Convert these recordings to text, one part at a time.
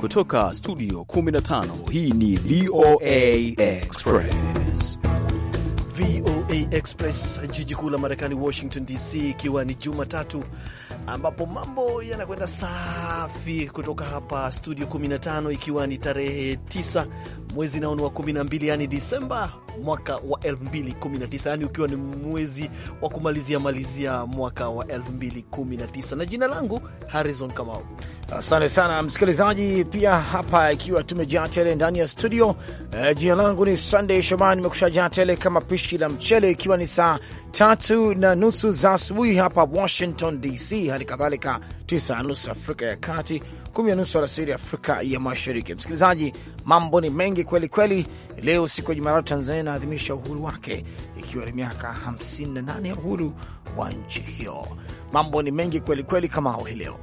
Kutoka studio 15 hii ni VOA Express. VOA Express, jiji kuu la Marekani, Washington DC, ikiwa ni Jumatatu ambapo mambo yanakwenda safi kutoka hapa studio 15 ikiwa ni tarehe 9 mwezi nao ni wa 12, yani Disemba mwaka wa 2019, yani ukiwa ni mwezi wa kumalizia malizia mwaka wa 2019. Na jina langu Harrison Kamau. Asante sana msikilizaji, pia hapa ikiwa tumejaa tele ndani ya studio. Uh, jina langu ni Sunday shomani nimekusha jaa tele kama pishi la mchele, ikiwa ni saa tatu na nusu za asubuhi hapa Washington DC, hali kadhalika tisa na nusu Afrika ya Kati, kumi na nusu alasiri Afrika ya Mashariki. Msikilizaji, mambo ni mengi kweli kweli. Leo siku ya Jumatatu, Tanzania inaadhimisha uhuru wake ikiwa ni miaka 58 ya uhuru wa nchi hiyo. Mambo ni mengi kweli kweli kamao hii leo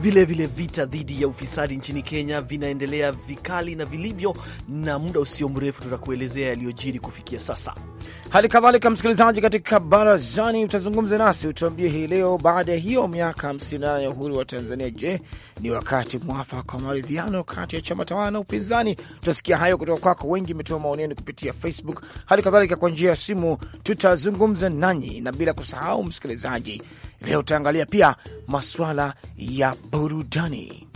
Vilevile vita dhidi ya ufisadi nchini Kenya vinaendelea vikali na vilivyo, na muda usio mrefu tutakuelezea yaliyojiri kufikia sasa. Hali kadhalika msikilizaji, katika barazani utazungumza nasi, utuambie hii leo, baada ya hiyo miaka 58 ya uhuru wa Tanzania, je, ni wakati mwafaka wa maridhiano kati ya chama tawala na upinzani? Tutasikia hayo kutoka kwako. Wengi imetoa maoni yenu kupitia Facebook, hali kadhalika kwa njia ya simu, tutazungumza nanyi, na bila kusahau msikilizaji, leo utaangalia pia masuala ya burudani.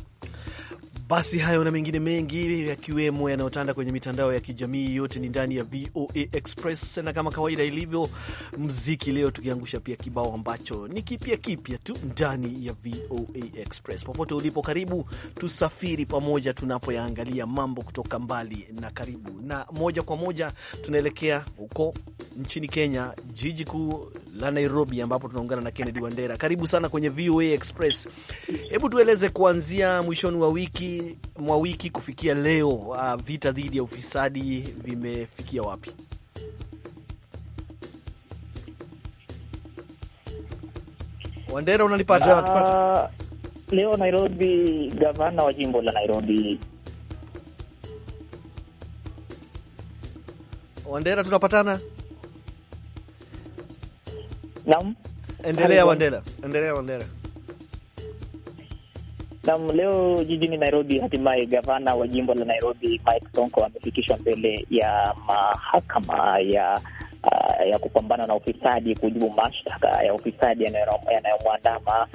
Basi hayo na mengine mengi yakiwemo yanayotanda kwenye mitandao ya kijamii, yote ni ndani ya VOA Express, na kama kawaida ilivyo mziki, leo tukiangusha pia kibao ambacho ni kipya kipya tu ndani ya VOA Express. Popote ulipo, karibu tusafiri pamoja, tunapoyaangalia mambo kutoka mbali na karibu, na moja kwa moja tunaelekea huko nchini Kenya, jiji kuu la Nairobi, ambapo tunaungana na Kennedy Wandera. Karibu sana kwenye VOA Express. Hebu tueleze kuanzia mwishoni wa wiki mwa wiki kufikia leo, uh, vita dhidi ya ufisadi vimefikia wapi? Wandera, unanipata? Uh, leo Nairobi, gavana wa jimbo la Nairobi Wandera, tunapatana Naam, endelea Wandera, endelea Wandera. Naam, leo jijini Nairobi, hatimaye gavana wa jimbo la Nairobi Mike Sonko amefikishwa mbele ya mahakama ya uh, ya kupambana na ufisadi kujibu mashtaka ya ufisadi yanayomwandama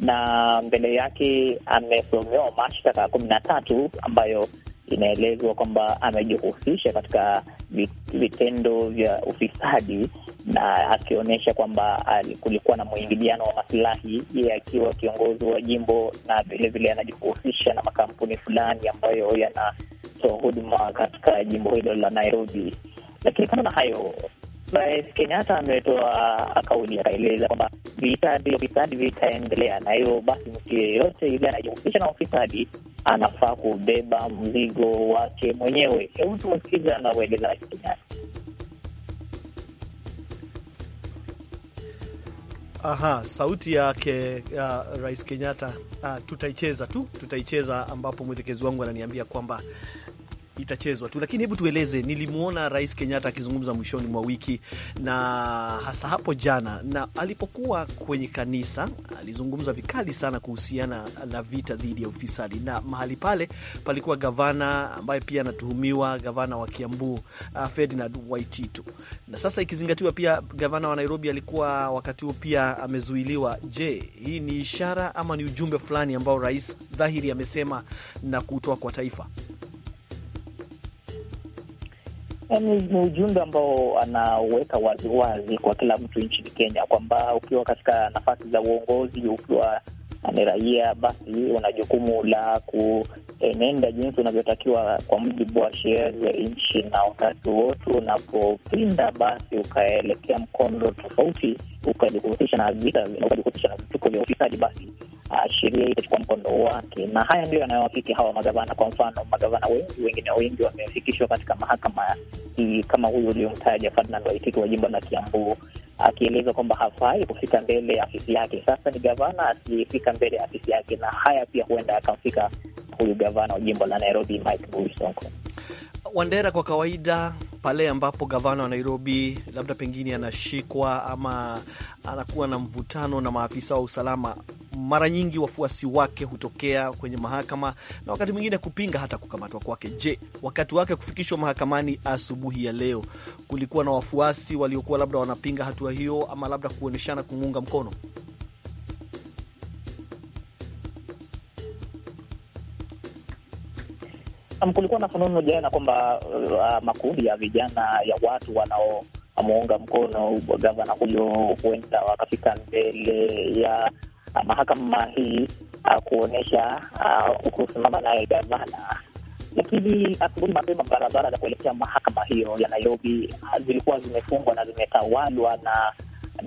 na mbele yake amesomewa mashtaka kumi na tatu ambayo inaelezwa kwamba amejihusisha katika vitendo vya ufisadi na akionyesha kwamba kulikuwa na mwingiliano wa masilahi, yeye akiwa kiongozi wa jimbo, na vilevile anajihusisha na makampuni fulani ambayo yanatoa huduma katika jimbo hilo la Nairobi. Lakini kando na hayo, Rais Kenyatta ametoa kauli, akaeleza kwamba vifisadi vifisadi vitaendelea, na hivyo basi mtu yeyote yule anajihusisha na ufisadi anafaa kubeba mzigo wake mwenyewe. Hebu tumesikiza anavyoeleza Rais Kenyatta. Aha, sauti yake ya Rais Kenyatta. Ah, tutaicheza tu, tutaicheza ambapo mwelekezi wangu ananiambia kwamba itachezwa tu, lakini hebu tueleze, nilimwona Rais Kenyatta akizungumza mwishoni mwa wiki na hasa hapo jana, na alipokuwa kwenye kanisa alizungumza vikali sana kuhusiana na vita dhidi ya ufisadi, na mahali pale palikuwa gavana ambaye pia anatuhumiwa, gavana wa Kiambu uh, Ferdinand Waititu, na sasa ikizingatiwa pia gavana wa Nairobi alikuwa wakati huo pia amezuiliwa. Je, hii ni ishara ama ni ujumbe fulani ambao rais dhahiri amesema na kutoa kwa taifa? Yani ni ujumbe ambao anaweka waziwazi kwa kila mtu nchini Kenya kwamba ukiwa katika nafasi za uongozi, ukiwa na ni raia, basi wana jukumu la kuenenda jinsi unavyotakiwa kwa mujibu wa sheria za nchi, na wakati wote unapopinda, basi ukaelekea mkondo tofauti, ukajihusisha na vita, ukajihusisha na vituko vya ufisadi, basi ah, sheria hii itachukua mkondo wake, na haya ndio yanayowafiki hawa magavana. Kwa mfano, magavana wengi, wengine wengi wamefikishwa katika mahakama hii, kama huyu uliomtaja Ferdinand Waititi wa jimbo la Kiambu, akieleza kwamba hafai kufika mbele ya afisi yake. Sasa ni gavana asiyefika kuiweka mbele ya afisi yake, na haya pia huenda akamfika huyu gavana wa jimbo la Nairobi Mike Mbuvi Sonko. Wandera, kwa kawaida pale ambapo gavana wa Nairobi labda pengine anashikwa ama anakuwa na mvutano na maafisa wa usalama, mara nyingi wafuasi wake hutokea kwenye mahakama na wakati mwingine kupinga hata kukamatwa kwake. Je, wakati wake kufikishwa mahakamani asubuhi ya leo, kulikuwa na wafuasi waliokuwa labda wanapinga hatua hiyo ama labda kuonyeshana kumuunga mkono? kulikuwa na fununu jana kwamba uh, uh, makundi ya vijana ya watu wanao ameunga mkono gavana huyo huenda wakafika mbele ya uh, mahakama hii uh, kuonyesha uh, kusimama naye gavana. Lakini asubuhi mapema, barabara za kuelekea mahakama hiyo ya Nairobi uh, zilikuwa zimefungwa na zimetawalwa na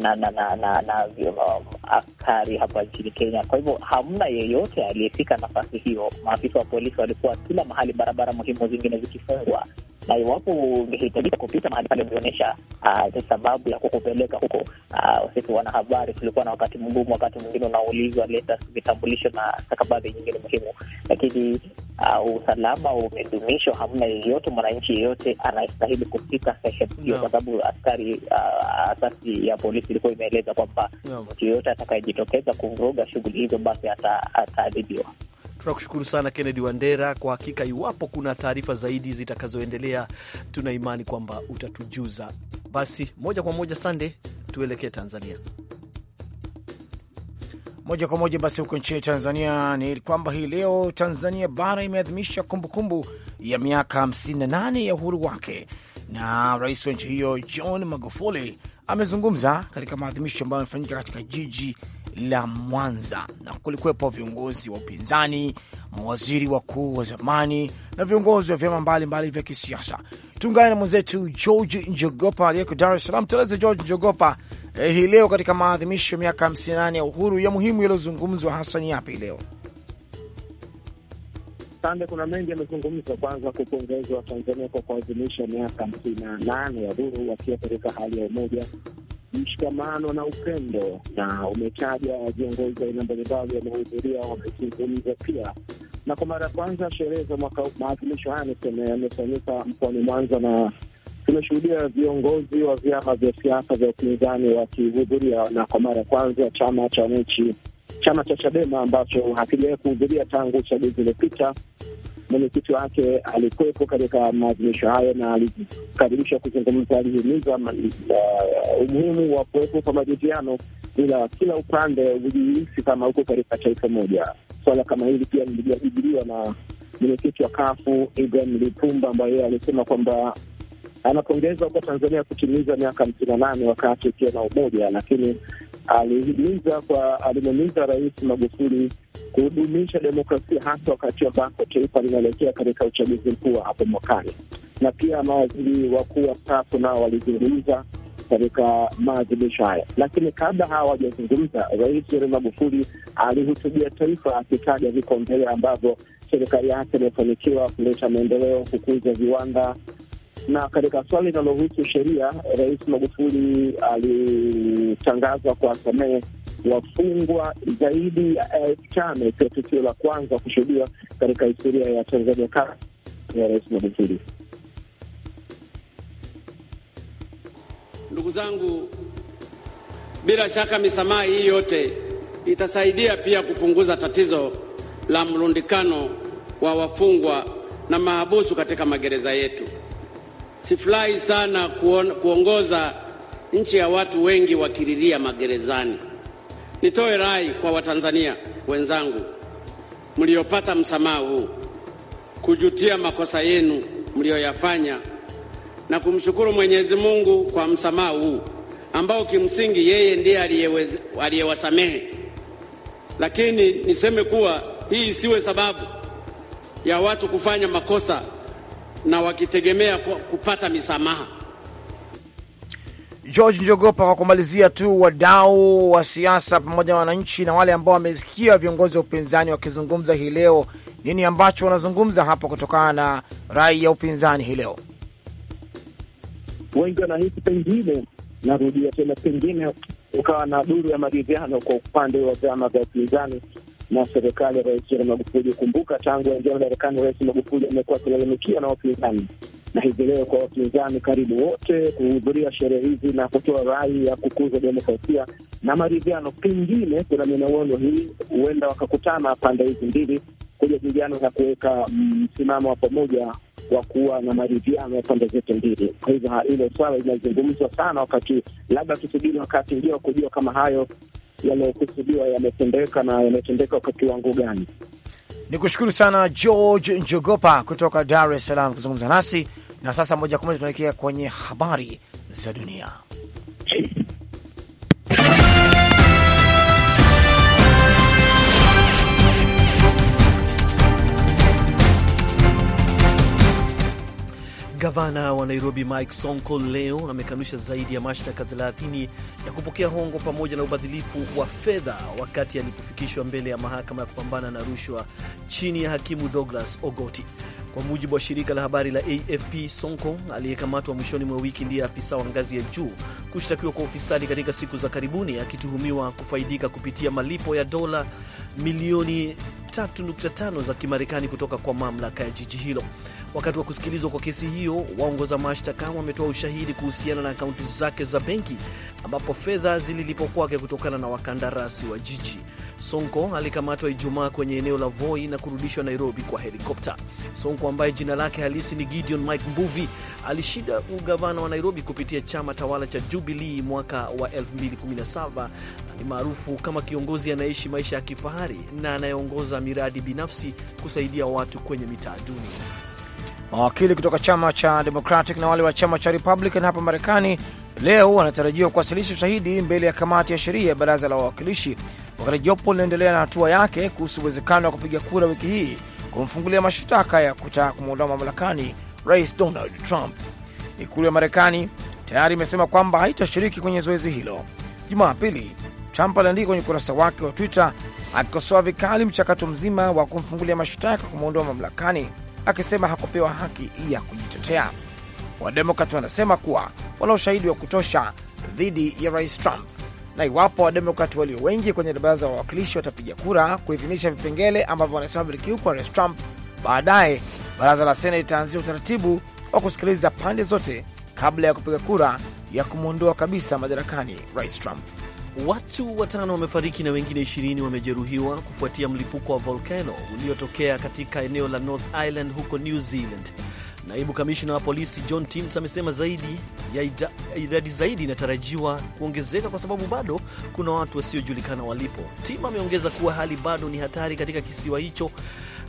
na na na na, na um, askari hapa nchini Kenya. Kwa hivyo hamna yeyote aliyefika nafasi hiyo. Maafisa wa polisi walikuwa kila mahali, barabara muhimu zingine zikifungwa, na iwapo ungehitajika kupita mahali pale ulionyesha uh, ah, sababu ya kukupeleka huko uh, sisi wanahabari tulikuwa na wakati mgumu. Wakati mwingine unaulizwa leta vitambulisho na stakabadhi nyingine muhimu, lakini uh, usalama umedumishwa. Hamna yeyote, mwananchi yeyote anastahili kufika sehemu hiyo, kwa sababu askari uh, asasi ya polisi ilikuwa imeeleza kwamba mtu yeyote atakayejitokeza kuvuruga shughuli hizo basi ataadhibiwa ata Tunakushukuru sana Kennedy Wandera. Kwa hakika, iwapo kuna taarifa zaidi zitakazoendelea, tuna imani kwamba utatujuza. Basi moja kwa moja, Sande, tuelekee Tanzania moja kwa moja basi, huko nchini Tanzania ni kwamba hii leo Tanzania bara imeadhimisha kumbukumbu ya miaka 58 ya uhuru wake, na rais wa nchi hiyo John Magufuli amezungumza katika maadhimisho ambayo amefanyika katika jiji la Mwanza, na kulikuwepo viongozi wa upinzani, mawaziri wakuu wa zamani na viongozi wa vyama mbalimbali vya kisiasa. Tuungane na mwenzetu George Njogopa aliyeko Dar es Salaam. Tueleze George Njogopa, eh, hii leo katika maadhimisho ya miaka 58 ya uhuru ya muhimu yaliyozungumzwa hasa ni yapi leo? Sande, kuna mengi yamezungumzwa. Kwanza kupongezwa Tanzania kwa kuadhimisha miaka hamsini na nane ya uhuru wakiwa katika hali ya umoja mshikamano na upendo, na umetaja viongozi aina mbalimbali wamehudhuria, wamezungumza pia na kwa mara ya kwanza sherehe za mwaka maadhimisho haya yamefanyika mkoani Mwanza, na tumeshuhudia viongozi wa vyama vya siasa vya upinzani wakihudhuria, na kwa mara ya kwanza chama cha wananchi, chama cha Chadema ambacho hakijawahi kuhudhuria tangu uchaguzi uliopita mwenyekiti wake alikuwepo katika maadhimisho hayo na alikaribisha kuzungumza, alihimiza uh, umuhimu wa kuwepo kwa maridhiano, ila kila upande ujihisi kama uko katika taifa moja. Swala kama hili pia lilijadiliwa na mwenyekiti wa kafu Ibrahim Lipumba ambaye yeye alisema kwamba Anapongeza kwa Tanzania kutimiza miaka hamsini na nane wakati ikiwa na umoja, lakini alihimiza kwa alimuhimiza Rais Magufuli kudumisha demokrasia hasa wakati ambako taifa linaelekea katika uchaguzi mkuu wa hapo mwakani. Na pia mawaziri wakuu wastaafu nao walizungumza katika maadhimisho haya, lakini kabla hawa wajazungumza, Rais John Magufuli alihutubia taifa akitaja vipaumbele ambavyo serikali yake imefanikiwa kuleta maendeleo, kukuza viwanda na katika swali linalohusu sheria, Rais Magufuli alitangazwa kwa samehe wafungwa zaidi ya elfu tano ikiwa tukio la kwanza kushuhudiwa katika historia ya Tanzania kabla ya Rais Magufuli. Ndugu zangu, bila shaka misamaha hii yote itasaidia pia kupunguza tatizo la mrundikano wa wafungwa na mahabusu katika magereza yetu. Sifurahi sana kuongoza nchi ya watu wengi wakililia magerezani. Nitoe rai kwa Watanzania wenzangu mliopata msamaha huu kujutia makosa yenu mliyoyafanya na kumshukuru Mwenyezi Mungu kwa msamaha huu ambao kimsingi yeye ndiye aliyewasamehe. Lakini niseme kuwa hii isiwe sababu ya watu kufanya makosa na wakitegemea kupata misamaha. George Njogopa, kwa kumalizia tu, wadau wa siasa pamoja na wananchi na wale ambao wamesikia viongozi wa upinzani wakizungumza hii leo, nini ambacho wanazungumza hapa kutokana na rai ya upinzani hii leo? Wengi wanahisi pengine, narudia tena, pengine ukawa na duru ya maridhiano kwa upande wa vyama vya upinzani na serikali ya Rais John Magufuli. Kumbuka tangu aingia madarakani Rais Magufuli amekuwa akilalamikia na wapinzani, na hivi leo kwa wapinzani karibu wote kuhudhuria sherehe hizi na kutoa rai ya kukuza demokrasia na maridhiano. Pengine kuna minawano hii, huenda wakakutana pande hizi mbili kujadiliana na kuweka mm, msimamo wa pamoja wa kuwa na maridhiano ya pande zote mbili. Kwa hivyo hilo swala linazungumzwa sana wakati, labda tusubiri wakati ujao kujua kama hayo yaliyokusudiwa yametendeka na yametendeka kwa kiwango gani. Ni kushukuru sana George Njogopa kutoka Dar es Salaam kuzungumza nasi na sasa, moja kwa moja tunaelekea kwenye habari za dunia. Gavana wa Nairobi Mike Sonko leo amekanusha zaidi ya mashtaka 30 ya kupokea hongo pamoja na ubadhilifu wa fedha wakati alipofikishwa mbele ya mahakama ya kupambana na rushwa chini ya hakimu Douglas Ogoti. Kwa mujibu wa shirika la habari la AFP, Sonko aliyekamatwa mwishoni mwa wiki ndiye afisa wa ngazi ya juu kushtakiwa kwa ufisadi katika siku za karibuni, akituhumiwa kufaidika kupitia malipo ya dola milioni 3.5 za Kimarekani kutoka kwa mamlaka ya jiji hilo. Wakati wa kusikilizwa kwa kesi hiyo, waongoza mashtaka wametoa ushahidi kuhusiana na akaunti zake za benki ambapo fedha zililipwa kwake kutokana na wakandarasi wa jiji. Sonko alikamatwa Ijumaa kwenye eneo la Voi na kurudishwa Nairobi kwa helikopta. Sonko ambaye jina lake halisi ni Gideon Mike Mbuvi alishinda ugavana wa Nairobi kupitia chama tawala cha Jubilee mwaka wa 2017 na ni maarufu kama kiongozi anayeishi maisha ya kifahari na anayeongoza miradi binafsi kusaidia watu kwenye mitaa duni. Mawakili kutoka chama cha Democratic na wale wa chama cha Republican hapa Marekani leo wanatarajiwa kuwasilisha ushahidi mbele ya kamati ya sheria ya baraza la wawakilishi, wakati jopo linaendelea na hatua yake kuhusu uwezekano wa kupiga kura wiki hii kumfungulia mashtaka ya kutaka kumwondoa mamlakani Rais Donald Trump. Ikulu ya Marekani tayari imesema kwamba haitashiriki kwenye zoezi hilo. Jumapili, Trump aliandika kwenye ukurasa wake wa Twitter akikosoa vikali mchakato mzima wa kumfungulia mashtaka kumwondoa mamlakani akisema hakupewa haki ya kujitetea. Wademokrat wanasema kuwa wana ushahidi wa kutosha dhidi ya rais Trump, na iwapo Wademokrat walio wengi kwenye baraza wa wawakilishi watapiga kura kuidhinisha vipengele ambavyo wanasema vilikiukwa rais Trump, baadaye baraza la Seneti litaanzia utaratibu wa kusikiliza pande zote kabla ya kupiga kura ya kumwondoa kabisa madarakani rais Trump. Watu watano wamefariki na wengine ishirini wamejeruhiwa kufuatia mlipuko wa volcano uliotokea katika eneo la North Island huko New Zealand. Naibu kamishina wa polisi John tims amesema zaidi ya idadi zaidi inatarajiwa kuongezeka kwa sababu bado kuna watu wasiojulikana walipo. Tim ameongeza kuwa hali bado ni hatari katika kisiwa hicho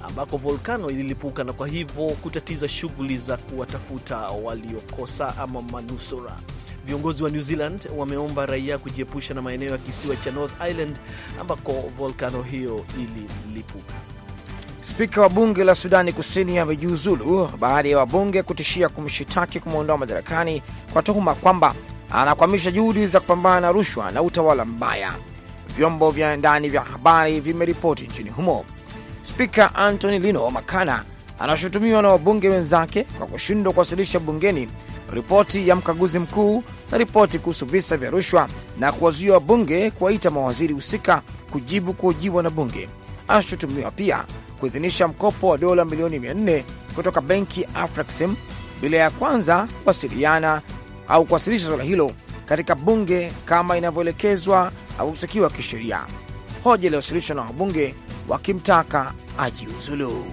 ambako volkano ililipuka na kwa hivyo kutatiza shughuli za kuwatafuta waliokosa ama manusura. Viongozi wa New Zealand wameomba raia kujiepusha na maeneo ya kisiwa cha North Island ambako volkano hiyo ililipuka. Spika wa bunge la Sudani Kusini amejiuzulu baada ya wabunge kutishia kumshitaki kumwondoa madarakani kwa tuhuma kwamba anakwamisha juhudi za kupambana na rushwa na utawala mbaya, vyombo vya ndani vya habari vimeripoti nchini humo. Spika Anthony Lino Makana anashutumiwa na wabunge wenzake kwa kushindwa kuwasilisha bungeni ripoti ya mkaguzi mkuu na ripoti kuhusu visa vya rushwa na kuwazuia wabunge kuwaita mawaziri husika kujibu kuhojiwa na bunge. Anashutumiwa pia kuidhinisha mkopo wa dola milioni 400 kutoka benki ya bila ya kwanza kuwasiliana au kuwasilisha suala hilo katika bunge kama inavyoelekezwa au kutakiwa kisheria. Hoja iliyowasilishwa na wabunge wakimtaka ajiuzulu.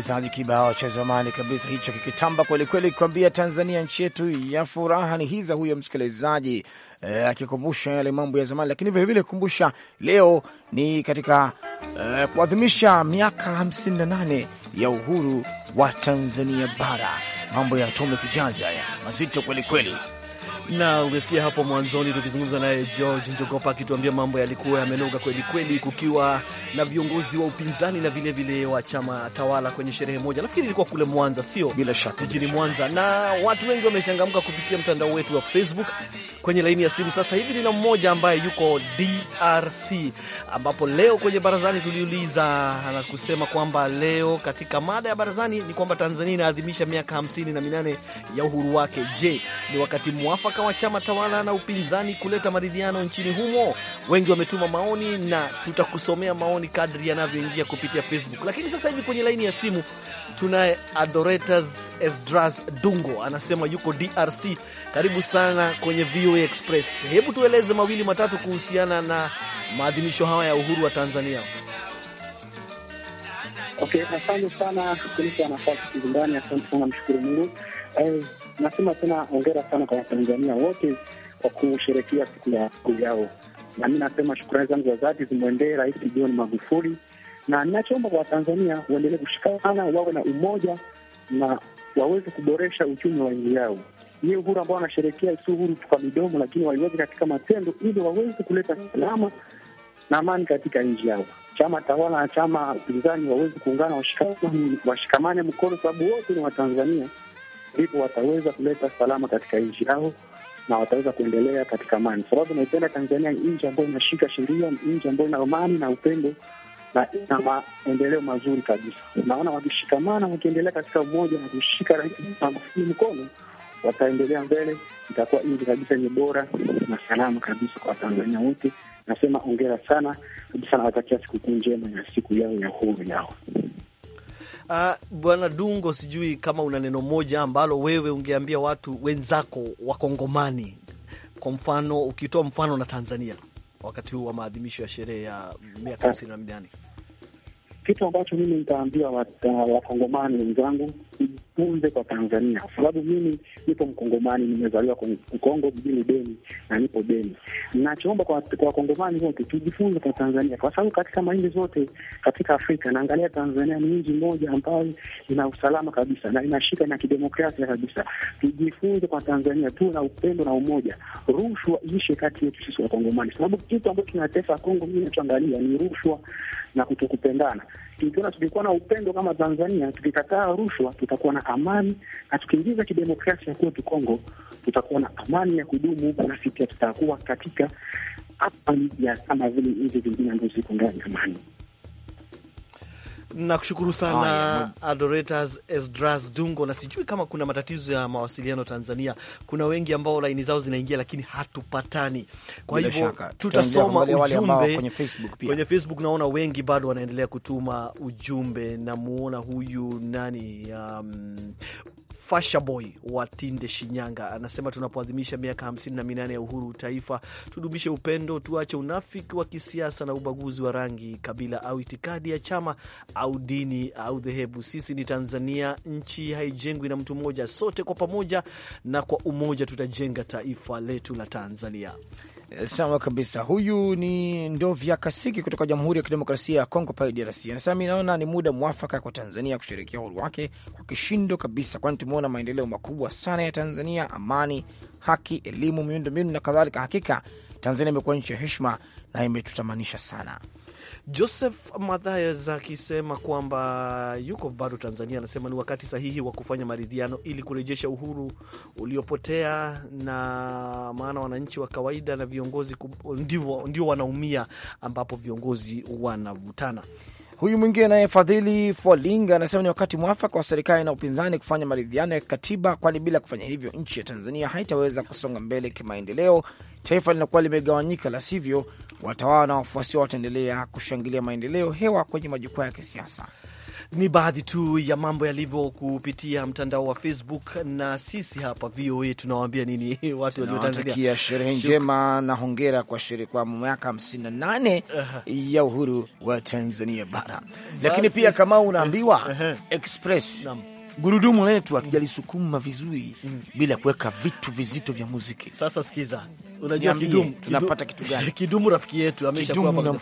msikilizaji, kibao cha zamani kabisa hicho kikitamba kwelikweli, kuambia Tanzania nchi yetu ya furaha. Ni hiza huyo msikilizaji eh, akikumbusha e, yale mambo ya zamani, lakini vilevile kukumbusha leo ni katika e, kuadhimisha miaka 58 ya uhuru wa Tanzania bara. Mambo ya atomic jazz haya mazito kwelikweli na umesikia hapo mwanzoni tukizungumza naye George Njogopa akituambia mambo yalikuwa yamenoga kweli kweli, kukiwa na viongozi wa upinzani na vilevile vile wa chama tawala kwenye sherehe moja, nafikiri ilikuwa kule Mwanza, sio? Bila shaka jijini Mwanza, na watu wengi wamechangamka kupitia mtandao wetu wa Facebook. Kwenye laini ya simu sasa hivi nina mmoja ambaye yuko DRC, ambapo leo kwenye barazani tuliuliza na kusema kwamba leo katika mada ya barazani ni kwamba Tanzania inaadhimisha miaka hamsini na minane ya uhuru wake. Je, ni wakati mwafaka wanasiasa wa chama tawala na upinzani kuleta maridhiano nchini humo. Wengi wametuma maoni na tutakusomea maoni kadri yanavyoingia kupitia Facebook. Lakini sasa hivi kwenye laini ya simu tunaye Adoretas Esdras Dungo, anasema yuko DRC. Karibu sana kwenye VOA Express. Hebu tueleze mawili matatu kuhusiana na maadhimisho haya ya uhuru wa Tanzania. Okay, asante sana kunipa nafasi kuzungumza. Asante sana, mshukuru Mungu eh, nasema tena ongera sana kwa Watanzania wote kwa kusherekea siku ya siku yao, na mi nasema shukrani zangu za dhati zimwendee Rais John Magufuli, na ninachoomba kwa Watanzania waendelee kushikana, wawe na umoja na waweze kuboresha uchumi wa nchi yao. Ni uhuru ambao wanasherekea si uhuru kwa midomo, lakini waliweze katika matendo ili waweze kuleta salama na amani katika nchi yao. Chama tawala na chama pinzani waweze kuungana, washikamane mkono, sababu wote ni Watanzania ndipo wataweza kuleta salama katika nchi yao na wataweza kuendelea katika amani, sababu naipenda Tanzania ni nchi ambayo inashika sheria, nchi ambayo ina amani na upendo na ina maendeleo mazuri kabisa. Naona wakishikamana, wakiendelea katika umoja na kushika raisi mkono, wataendelea mbele, itakuwa nchi kabisa ni bora na salama kabisa kwa Watanzania wote. Nasema ongera sana kabisa, nawatakia sikukuu njema ya siku yao ya uhuru yao. Uh, Bwana Dungo, sijui kama una neno moja ambalo wewe ungeambia watu wenzako Wakongomani, kwa mfano ukitoa mfano na Tanzania wakati huu wa maadhimisho ya sherehe ya miaka hamsini na minane. Kitu ambacho mimi nitaambia Wakongomani wenzangu nijifunze kwa Tanzania, kwa sababu mimi nipo Mkongomani, nimezaliwa Kongo mjini Beni na nipo Beni. Nachoomba kwa Wakongomani wote tujifunze kwa Tanzania, kwa sababu katika maindi zote katika Afrika naangalia Tanzania ni nchi moja ambayo ina usalama kabisa na inashika na kidemokrasia kabisa. Tujifunze kwa Tanzania, tuwe na upendo na umoja, rushwa iishe kati yetu sisi Wakongomani, sababu kitu ambacho kinatesa Kongo mimi nachoangalia ni rushwa na kutokupendana tukiona tulikuwa na upendo kama Tanzania, tukikataa rushwa, tutakuwa na amani, na tukiingiza kidemokrasia kwetu Kongo, tutakuwa na amani ya kudumu, nasi pia tutakuwa katika amani ya kama vile nchi zingine ambazo ziko ndani amani. Nakushukuru sana ah, Adoretas Esdras Dungo, na sijui kama kuna matatizo ya mawasiliano Tanzania. Kuna wengi ambao laini zao zinaingia, lakini hatupatani. Kwa hivyo tutasoma ujumbe kwenye Facebook pia. Kwenye Facebook naona wengi bado wanaendelea kutuma ujumbe. Namuona huyu nani, um, fashaboy wa Tinde, Shinyanga, anasema tunapoadhimisha miaka 58 ya uhuru taifa, tudumishe upendo, tuache unafiki wa kisiasa na ubaguzi wa rangi, kabila au itikadi ya chama au dini au dhehebu. Sisi ni Tanzania, nchi haijengwi na mtu mmoja, sote kwa pamoja na kwa umoja tutajenga taifa letu la Tanzania. Eh, sawa kabisa. Huyu ni Ndovya Kasiki kutoka Jamhuri ya Kidemokrasia ya Kongo pale DRC, anasema mi naona ni muda mwafaka kwa Tanzania kusherekea uhuru wake kwa kishindo kabisa, kwani tumeona maendeleo makubwa sana ya Tanzania: amani, haki, elimu, miundombinu na kadhalika. Hakika Tanzania imekuwa nchi ya heshima na imetutamanisha sana. Joseph Mathaes akisema kwamba yuko bado Tanzania, anasema ni wakati sahihi wa kufanya maridhiano ili kurejesha uhuru uliopotea, na maana wananchi wa kawaida na viongozi ndio wanaumia, ambapo viongozi wanavutana. Huyu mwingine naye Fadhili Fwalinga anasema ni wakati mwafaka wa serikali na upinzani kufanya maridhiano ya kikatiba, kwani bila kufanya hivyo nchi ya Tanzania haitaweza kusonga mbele kimaendeleo. Taifa linakuwa limegawanyika, la sivyo watawala na wafuasi wao wataendelea kushangilia maendeleo hewa kwenye majukwaa ya kisiasa. Ni baadhi tu ya mambo yalivyo kupitia mtandao wa Facebook, na sisi hapa VOA tunawaambia nini watu walio Tanzania, sherehe njema na hongera kwa sherehe kwa miaka 58 ya uhuru wa Tanzania bara. Lakini pia kama unaambiwa express gurudumu letu hatujalisukuma mm. vizuri mm, bila kuweka vitu vizito vya muziki. Sasa sikiza, unajua kidumu tunapata kitu gani? Kidumu rafiki yetu ameshakuwa,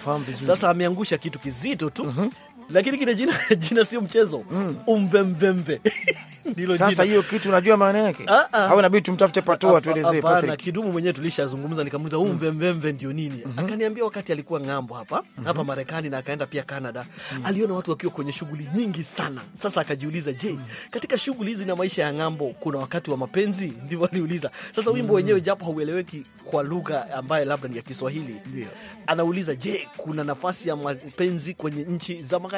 sasa, ameangusha kitu kizito tu mm -hmm lakini kile jina jina sio mchezo mm. Umvemvemve ndilo jina. Sasa hiyo kitu unajua maana yake ah, ah. au inabidi tumtafute Patoa tuelezee Patrick. Kidumu mwenyewe tulishazungumza, nikamuuliza huu mm. mvemvemve ndio nini? mm -hmm. Akaniambia wakati alikuwa ng'ambo hapa mm -hmm. hapa Marekani na akaenda pia Canada mm -hmm. aliona watu wakiwa kwenye shughuli nyingi sana. Sasa akajiuliza, je, mm. katika shughuli hizi na maisha ya ng'ambo kuna wakati wa mapenzi? Ndivyo aliuliza. Sasa wimbo mm. wenyewe mm -hmm. japo haueleweki kwa lugha ambayo labda ni ya Kiswahili yeah. Anauliza, je, kuna nafasi ya mapenzi kwenye nchi za magharibi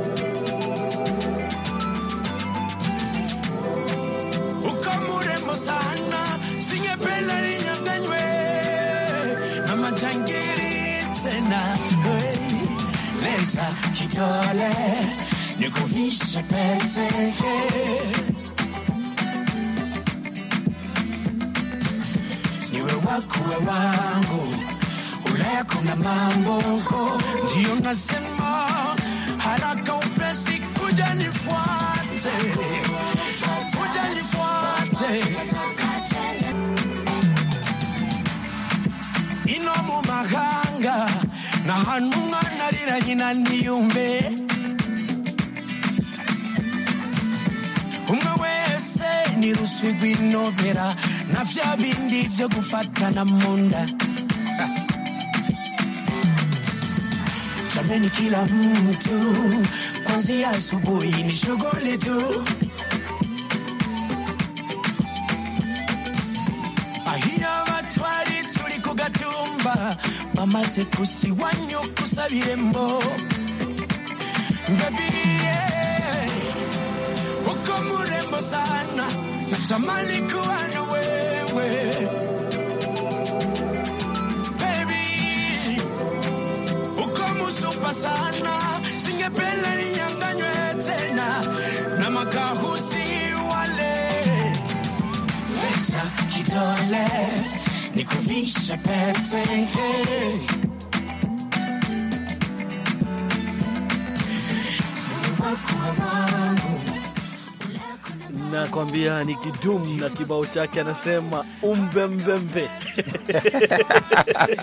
mrembo sana, singependa na matajiri tena. Hey, leta kidole nikuvishe pete niwe wakuwe wangu ulaya, kuna mambo ndiyo nasema haraka upesi kuja nifuate na hantu umwana arira nyina ntiyumve umwe wese ni ruswi rw'inobera na vya bindi vyo gufatana mu nda jameni kila mtu kwanzia asubuhi ni shughuli tu ahina watwari tuli kugatumba bamaze kusiwanya okusabirembo ngabiye uko murembo sana natamani kuwa na wewe baby uko musupa sana singependa ninyanganywe tena na makahusi wale leta kidole découvrir chaque matin. Hey. nakwambia ni kidum na kibao chake, anasema umbembembe.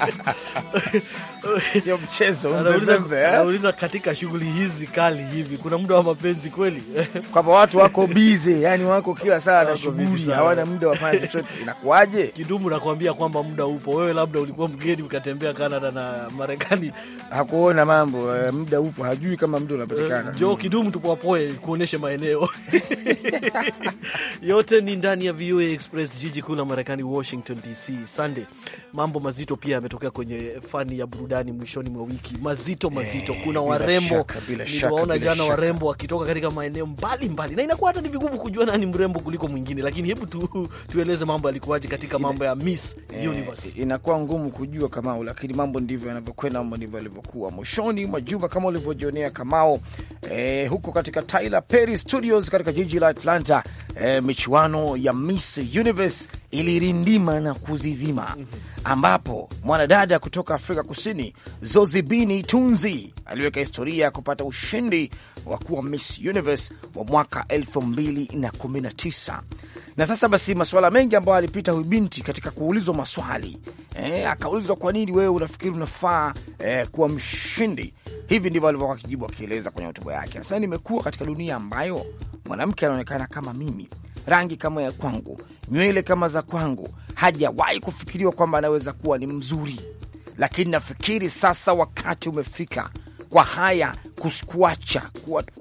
Sio mchezo umbembembe. Eh? katika shughuli hizi kali hivi kuna muda wa mapenzi kweli? Kwamba watu wako bize, yani wako kila saa na shughuli, hawana muda wa kufanya chochote, inakuwaje? Kidum nakwambia kwamba muda upo. Wewe labda ulikuwa mgeni ukatembea Canada na Marekani, hakuona mambo. Eh, muda upo, hajui kama muda unapatikana. Eh, jo, mm. Kidum tukuwapoe kuoneshe maeneo yote ni ndani ya VOA Express, jiji kuu la Marekani, Washington DC. Sunday, mambo mazito pia yametokea kwenye fani ya burudani mwishoni mwa wiki, mazito eh, mazito. Kuna warembo niliwaona jana, warembo wakitoka katika maeneo mbalimbali, na inakuwa hata ni vigumu kujua nani mrembo kuliko mwingine, lakini hebu tu, tueleze mambo yalikuwaje katika mambo ya Miss Universe. Eh, inakuwa ngumu kujua Kamau, lakini mambo ndivyo yanavyokwenda, mambo ndivyo yalivyokuwa mwishoni mwa juma kama ulivyojionea Kamao, eh, huko katika Tyler Perry Studios katika jiji la Atlanta eh, michuano ya Miss Universe ilirindima na kuzizima, ambapo mwanadada kutoka Afrika Kusini Zozibini Tunzi aliweka historia ya kupata ushindi wa kuwa Miss Universe wa mwaka 2019 na sasa basi, masuala mengi ambayo alipita huyu binti katika kuulizwa maswali eh, akaulizwa kwa nini wewe unafikiri unafaa eh, kuwa mshindi Hivi ndivyo alivyokuwa akijibu akieleza kwenye hotuba yake. Sasa nimekuwa katika dunia ambayo mwanamke anaonekana kama mimi, rangi kama ya kwangu, nywele kama za kwangu, hajawahi kufikiriwa kwamba anaweza kuwa ni mzuri, lakini nafikiri sasa wakati umefika kwa haya kuskuacha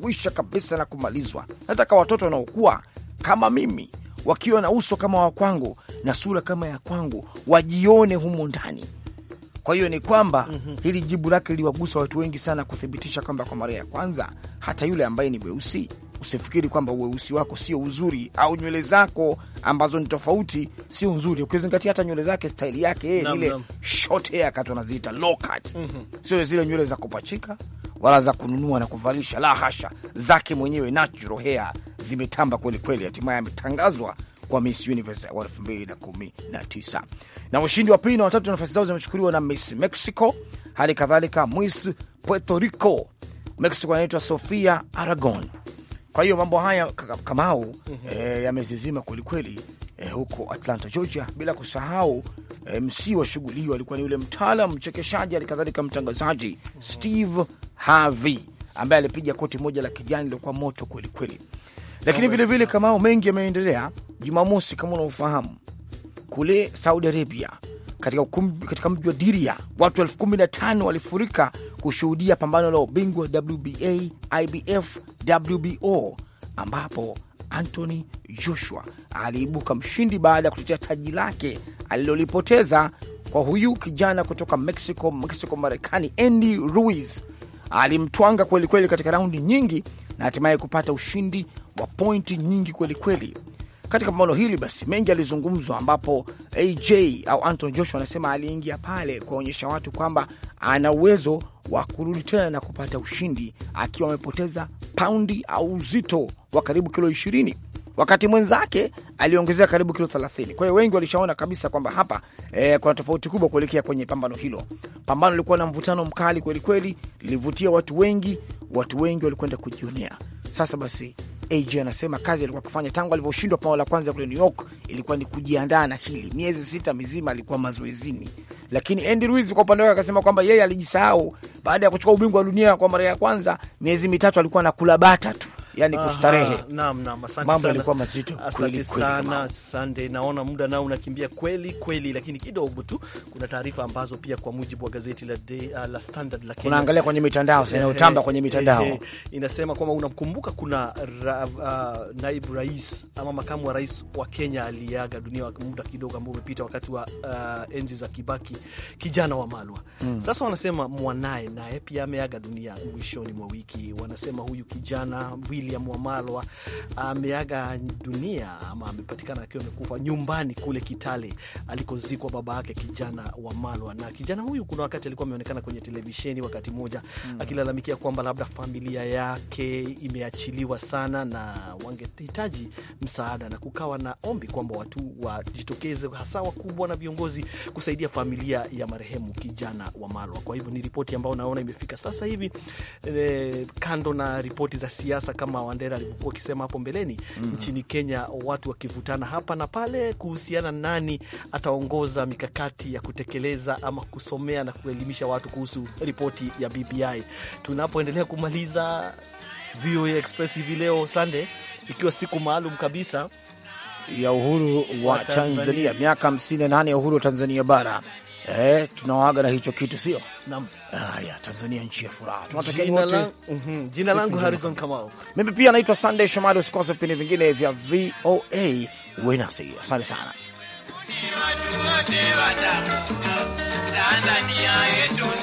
kuwisha kabisa na kumalizwa. Nataka watoto wanaokuwa kama mimi wakiwa na uso kama wa kwangu na sura kama ya kwangu wajione humo ndani, kwa hiyo ni kwamba mm -hmm. hili jibu lake liliwagusa watu wengi sana, kuthibitisha kwamba kwa mara ya kwanza hata yule ambaye ni mweusi, usifikiri kwamba uweusi wako sio uzuri au nywele zako ambazo ni tofauti sio nzuri, ukizingatia hata nywele zake, staili yake eh, ile short hair kati wanaziita low cut mm -hmm. sio zile nywele za kupachika wala za kununua na kuvalisha, la hasha, zake mwenyewe natural hair zimetamba kweli kweli, hatimaye ametangazwa kwa Miss Universe wa elfu mbili Na kumi na na tisa washindi wa pili na watatu nafasi zao zimechukuliwa na Miss Mexico, hali kadhalika Miss Puerto Rico. Mexico anaitwa Sofia Aragon. Kwa hiyo mambo haya Kamau, mm -hmm. e, yamezizima kwelikweli e, eh, huko Atlanta, Georgia, bila kusahau e, eh, msi wa shughuli hiyo alikuwa ni yule mtaalam mchekeshaji, halikadhalika mtangazaji mm -hmm. Steve Harvey ambaye alipiga koti moja la kijani lilikuwa moto kwelikweli kweli. Lakini vilevile kamao mengi yameendelea Jumamosi, kama unaofahamu kule Saudi Arabia katika, katika mji wa Diria watu elfu kumi na tano walifurika kushuhudia pambano la ubingwa WBA, IBF, WBO ambapo Anthony Joshua aliibuka mshindi baada ya kutetea taji lake alilolipoteza kwa huyu kijana kutoka Mexico, Mexico Marekani, Andy Ruiz. Alimtwanga kwelikweli katika raundi nyingi na hatimaye kupata ushindi wa pointi nyingi kweli kweli. Katika pambano hili basi mengi alizungumzwa, ambapo AJ au Anton Joshua anasema aliingia pale kuwaonyesha watu kwamba ana uwezo wa kurudi tena na kupata ushindi akiwa amepoteza paundi au uzito wa karibu kilo ishirini wakati mwenzake aliongezea karibu kilo 30. Kwa hiyo wengi walishaona kabisa kwamba hapa e, kuna tofauti kubwa kuelekea kwenye pambano hilo. Pambano lilikuwa na mvutano mkali kwelikweli, lilivutia watu wengi, watu wengi walikwenda kujionea. Sasa basi AJ anasema kazi alikuwa akifanya tangu alivyoshindwa pao la kwanza kule New York ilikuwa ni kujiandaa na hili, miezi sita mizima alikuwa mazoezini. Lakini Andy Ruiz kwa upande wake akasema kwamba yeye alijisahau baada ya kuchukua ubingwa wa dunia kwa mara ya kwanza, miezi mitatu alikuwa anakula bata tu yani kustarehe. Naam, naam, asante. Mambo yalikuwa mazito kweli kweli. Asante sana, Sande, Naona muda nao unakimbia kweli kweli, lakini kidogo tu kuna taarifa ambazo pia kwa mujibu wa gazeti la de, uh, la Standard la Kenya unaangalia kwenye mitandao sasa, utamba kwenye mitandao inasema kwamba unamkumbuka, kuna ra, uh, naibu rais ama makamu wa rais wa Kenya aliaga dunia muda kidogo ambao umepita, wakati wa uh, enzi za Kibaki, kijana wa Malwa. Hmm. Sasa wanasema mwanae naye pia ameaga dunia mwishoni mwa wiki. Wanasema huyu kijana Willy William Wamalwa ameaga dunia ama amepatikana akiwa amekufa nyumbani kule Kitale alikozikwa baba yake kijana Wamalwa. Na kijana huyu kuna wakati alikuwa ameonekana kwenye televisheni wakati mmoja mm, akilalamikia kwamba labda familia yake imeachiliwa sana na wangehitaji msaada, na kukawa na ombi kwamba watu wajitokeze, hasa wakubwa na viongozi kusaidia familia ya marehemu kijana Wamalwa. Kwa hivyo ni ripoti ambayo naona imefika sasa hivi eh, kando na ripoti za siasa kama kama Wandera alivyokuwa akisema hapo mbeleni mm -hmm. Nchini Kenya watu wakivutana hapa na pale kuhusiana nani ataongoza mikakati ya kutekeleza ama kusomea na kuelimisha watu kuhusu ripoti ya BBI tunapoendelea kumaliza VOA Express hivi leo sande ikiwa siku maalum kabisa ya uhuru wa Tanzania, miaka 58 ya uhuru wa Tanzania bara Eh, tunawaga na hicho kitu sio? Naam. Haya, ah, Tanzania nchi ya furaha. Tunatakia jina langu mm -hmm. Harrison Kamau. Mimi pia naitwa Sunday Shomari, usikose vipindi vingine vya VOA Wenasi. Asante sana. yetu